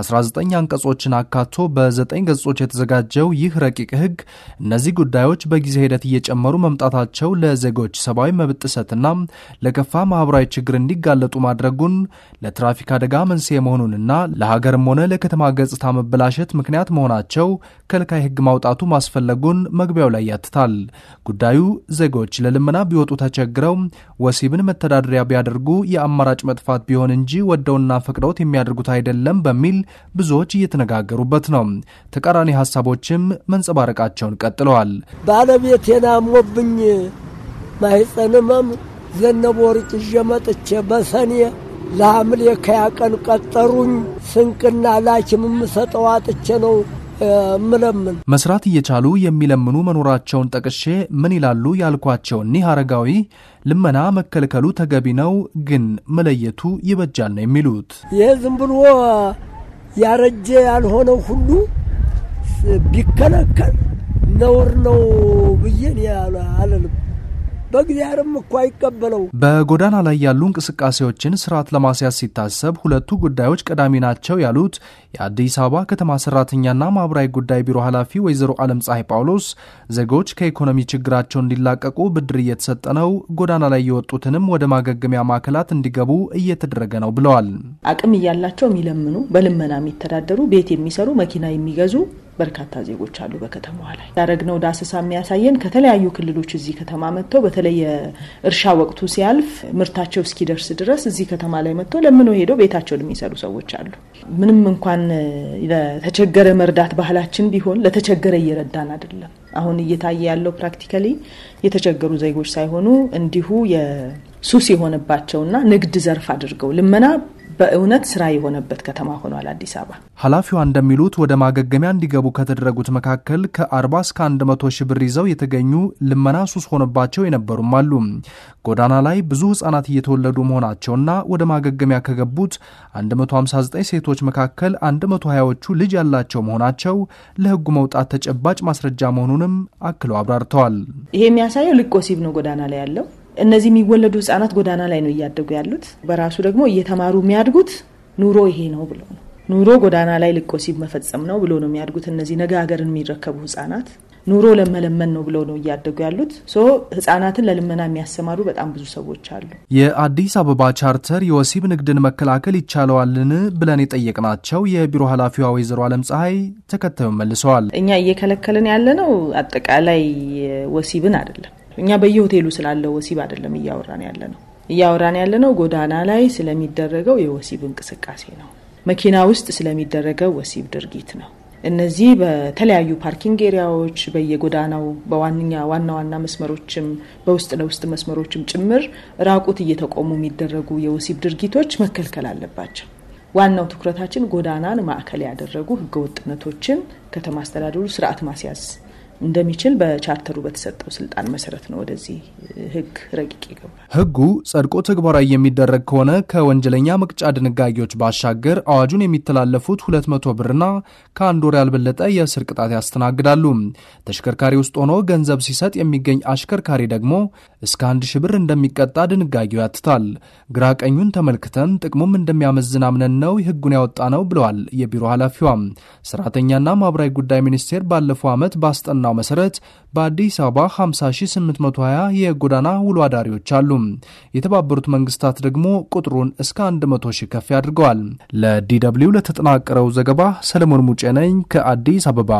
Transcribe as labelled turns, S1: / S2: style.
S1: 19 አንቀጾችን አካቶ በ9 ገጾች የተዘጋጀው ይህ ረቂቅ ህግ እነዚህ ጉዳዮች በጊዜ ሂደት እየጨመሩ መምጣታቸው ለዜጎች ሰብአዊ መብት ጥሰትና ለከፋ ማህበራዊ ችግር እንዲጋለጡ ማድረጉን ለትራፊክ አደጋ መንስኤ መሆኑንና ለሀገርም ሆነ ለከተማ ገጽታ መበላሸት ምክንያት መሆናቸው ከልካይ ህግ ማውጣቱ ማስፈለጉን መግቢያው ላይ ያትታል። ጉዳዩ ዜጎች ለልመና ቢወጡ ተቸግረው ወሲብን መተዳደሪያ ቢያደርጉ የአማራጭ መጥፋት ቢሆን እንጂ ወደውና ፈቅደውት የሚያደርጉት አይደለም በሚል ብዙዎች እየተነጋገሩበት ነው። ተቃራኒ ሀሳቦችም መንጸባረቃቸውን ቀጥለዋል።
S2: ባለቤቴን አሞብኝ ማይጸንመም ዘነቦ ወርቅ ይዤ መጥቼ በሰኔ ለሐምሌ ከያቀን ቀጠሩኝ። ስንቅና ላኪም የምሰጠው አጥቼ ነው ምለምን
S1: መስራት እየቻሉ የሚለምኑ መኖራቸውን ጠቅሼ ምን ይላሉ ያልኳቸው እኒህ አረጋዊ ልመና መከልከሉ ተገቢ ነው፣ ግን መለየቱ ይበጃል ነው የሚሉት።
S2: ይህ ዝም ብሎ ያረጀ ያልሆነው ሁሉ ቢከለከል ነውር ነው ብዬ እኔ አልልም። በእግዚአብሔርም እኮ አይቀበለው።
S1: በጎዳና ላይ ያሉ እንቅስቃሴዎችን ስርዓት ለማስያዝ ሲታሰብ ሁለቱ ጉዳዮች ቀዳሚ ናቸው ያሉት የአዲስ አበባ ከተማ ሰራተኛና ማህበራዊ ጉዳይ ቢሮ ኃላፊ ወይዘሮ አለም ፀሐይ ጳውሎስ ዜጎች ከኢኮኖሚ ችግራቸው እንዲላቀቁ ብድር እየተሰጠ ነው፣ ጎዳና ላይ የወጡትንም ወደ ማገገሚያ ማዕከላት እንዲገቡ እየተደረገ ነው ብለዋል።
S3: አቅም እያላቸው የሚለምኑ በልመና የሚተዳደሩ ቤት የሚሰሩ መኪና የሚገዙ በርካታ ዜጎች አሉ በከተማዋ ላይ። ያደረግነው ዳሰሳ የሚያሳየን ከተለያዩ ክልሎች እዚህ ከተማ መጥተው በተለይ የእርሻ ወቅቱ ሲያልፍ ምርታቸው እስኪደርስ ድረስ እዚህ ከተማ ላይ መጥተው ለምነው ሄደው ቤታቸውን የሚሰሩ ሰዎች አሉ። ምንም እንኳን ለተቸገረ መርዳት ባህላችን ቢሆን ለተቸገረ እየረዳን አይደለም። አሁን እየታየ ያለው ፕራክቲካሊ የተቸገሩ ዜጎች ሳይሆኑ እንዲሁ ሱስ የሆነባቸውና ንግድ ዘርፍ አድርገው ልመና በእውነት ስራ የሆነበት ከተማ ሆኗል አዲስ
S1: አበባ። ኃላፊዋ እንደሚሉት ወደ ማገገሚያ እንዲገቡ ከተደረጉት መካከል ከ40 እስከ 100 ሺህ ብር ይዘው የተገኙ ልመና ሱስ ሆነባቸው የነበሩም አሉ። ጎዳና ላይ ብዙ ህጻናት እየተወለዱ መሆናቸውና ወደ ማገገሚያ ከገቡት 159 ሴቶች መካከል 120ዎቹ ልጅ ያላቸው መሆናቸው ለህጉ መውጣት ተጨባጭ ማስረጃ መሆኑንም አክለው አብራርተዋል።
S3: ይሄ የሚያሳየው ልቆሲብ ነው ጎዳና ላይ ያለው እነዚህ የሚወለዱ ህጻናት ጎዳና ላይ ነው እያደጉ ያሉት። በራሱ ደግሞ እየተማሩ የሚያድጉት ኑሮ ይሄ ነው ብሎ ነው። ኑሮ ጎዳና ላይ ሲብ መፈጸም ነው ብሎ ነው የሚያድጉት። እነዚህ ነገ ሀገርን የሚረከቡ ህጻናት ኑሮ ለመለመን ነው ብለው ነው እያደጉ ያሉት። ሶ ህጻናትን ለልመና የሚያሰማሩ በጣም ብዙ ሰዎች አሉ።
S1: የአዲስ አበባ ቻርተር የወሲብ ንግድን መከላከል ይቻለዋልን ብለን የጠየቅናቸው የቢሮ ኃላፊዋ ወይዘሮ አለም ፀሐይ ተከታዩን መልሰዋል።
S3: እኛ እየከለከልን ያለነው አጠቃላይ ወሲብን አይደለም እኛ በየሆቴሉ ስላለው ወሲብ አይደለም እያወራን ያለ ነው። እያወራን ያለ ነው ጎዳና ላይ ስለሚደረገው የወሲብ እንቅስቃሴ ነው። መኪና ውስጥ ስለሚደረገው ወሲብ ድርጊት ነው። እነዚህ በተለያዩ ፓርኪንግ ኤሪያዎች፣ በየጎዳናው በዋነኛ ዋና ዋና መስመሮችም በውስጥ ለውስጥ መስመሮችም ጭምር ራቁት እየተቆሙ የሚደረጉ የወሲብ ድርጊቶች መከልከል አለባቸው። ዋናው ትኩረታችን ጎዳናን ማዕከል ያደረጉ ህገወጥነቶችን ከተማ አስተዳደሩ ስርዓት ማስያዝ እንደሚችል በቻርተሩ በተሰጠው ስልጣን መሰረት ነው ወደዚህ ህግ ረቂቅ ይገባል።
S1: ህጉ ጸድቆ ተግባራዊ የሚደረግ ከሆነ ከወንጀለኛ መቅጫ ድንጋጌዎች ባሻገር አዋጁን የሚተላለፉት 200 ብርና ከአንድ ወር ያልበለጠ የእስር ቅጣት ያስተናግዳሉ። ተሽከርካሪ ውስጥ ሆኖ ገንዘብ ሲሰጥ የሚገኝ አሽከርካሪ ደግሞ እስከ አንድ ሺህ ብር እንደሚቀጣ ድንጋጌው ያትታል። ግራ ቀኙን ተመልክተን ጥቅሙም እንደሚያመዝን አምነን ነው ህጉን ያወጣ ነው ብለዋል የቢሮ ኃላፊዋ። ሰራተኛና ማህበራዊ ጉዳይ ሚኒስቴር ባለፈው ዓመት ባስጠና ዘገባ መሰረት በአዲስ አበባ 50820 የጎዳና ውሎ አዳሪዎች አሉ። የተባበሩት መንግስታት ደግሞ ቁጥሩን እስከ 100 ሺህ ከፍ አድርገዋል። ለዲ ለተጠናቀረው ዘገባ ሰለሞን ሙጬ ነኝ ከአዲስ አበባ።